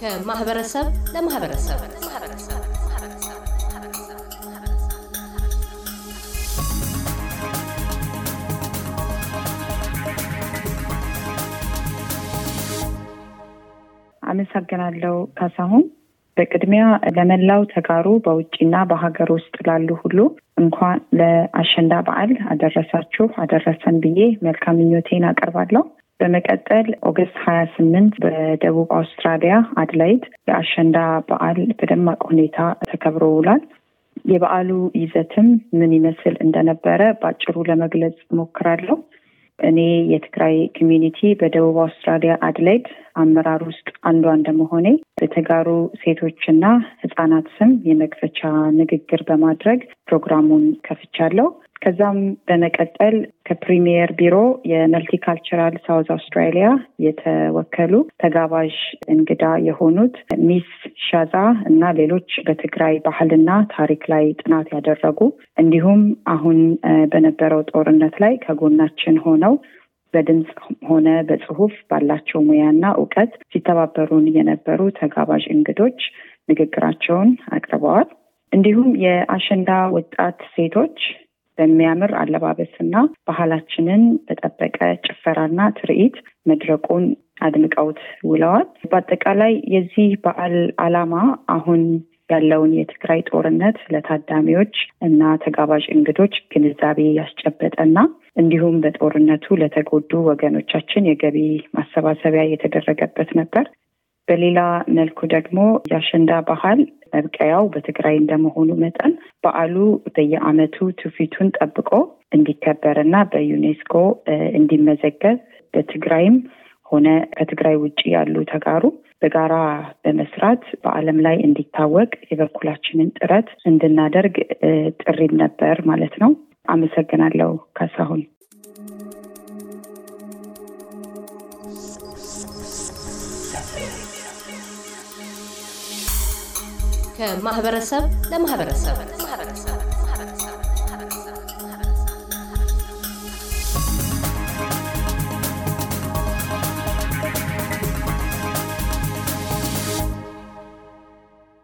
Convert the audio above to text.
ከማህበረሰብ ለማህበረሰብ አመሰግናለሁ ካሳሁን። በቅድሚያ ለመላው ተጋሩ በውጭና በሀገር ውስጥ ላሉ ሁሉ እንኳን ለአሸንዳ በዓል አደረሳችሁ አደረሰን ብዬ መልካም ምኞቴን አቀርባለሁ። በመቀጠል ኦገስት ሀያ ስምንት በደቡብ አውስትራሊያ አድላይድ የአሸንዳ በዓል በደማቅ ሁኔታ ተከብሮ ውሏል። የበዓሉ ይዘትም ምን ይመስል እንደነበረ በአጭሩ ለመግለጽ እሞክራለሁ። እኔ የትግራይ ኮሚዩኒቲ በደቡብ አውስትራሊያ አድሌድ አመራር ውስጥ አንዷ እንደመሆኔ በተጋሩ ሴቶችና ህጻናት ስም የመክፈቻ ንግግር በማድረግ ፕሮግራሙን ከፍቻለሁ። ከዛም በመቀጠል ከፕሪሚየር ቢሮ የመልቲካልቸራል ሳውዝ አውስትራሊያ የተወከሉ ተጋባዥ እንግዳ የሆኑት ሚስ ሻዛ እና ሌሎች በትግራይ ባህልና ታሪክ ላይ ጥናት ያደረጉ እንዲሁም አሁን በነበረው ጦርነት ላይ ከጎናችን ሆነው በድምፅ ሆነ በጽሁፍ ባላቸው ሙያና እውቀት ሲተባበሩን የነበሩ ተጋባዥ እንግዶች ንግግራቸውን አቅርበዋል። እንዲሁም የአሸንዳ ወጣት ሴቶች በሚያምር አለባበስና ባህላችንን በጠበቀ ጭፈራና ትርኢት መድረቁን አድምቀውት ውለዋል። በአጠቃላይ የዚህ በዓል ዓላማ አሁን ያለውን የትግራይ ጦርነት ለታዳሚዎች እና ተጋባዥ እንግዶች ግንዛቤ ያስጨበጠና እንዲሁም በጦርነቱ ለተጎዱ ወገኖቻችን የገቢ ማሰባሰቢያ የተደረገበት ነበር። በሌላ መልኩ ደግሞ የአሸንዳ ባህል መብቀያው በትግራይ እንደመሆኑ መጠን በዓሉ በየዓመቱ ትውፊቱን ጠብቆ እንዲከበርና በዩኔስኮ እንዲመዘገብ በትግራይም ሆነ ከትግራይ ውጭ ያሉ ተጋሩ በጋራ በመስራት በዓለም ላይ እንዲታወቅ የበኩላችንን ጥረት እንድናደርግ ጥሪም ነበር ማለት ነው። አመሰግናለሁ ካሳሁን። ከማህበረሰብ ለማህበረሰብ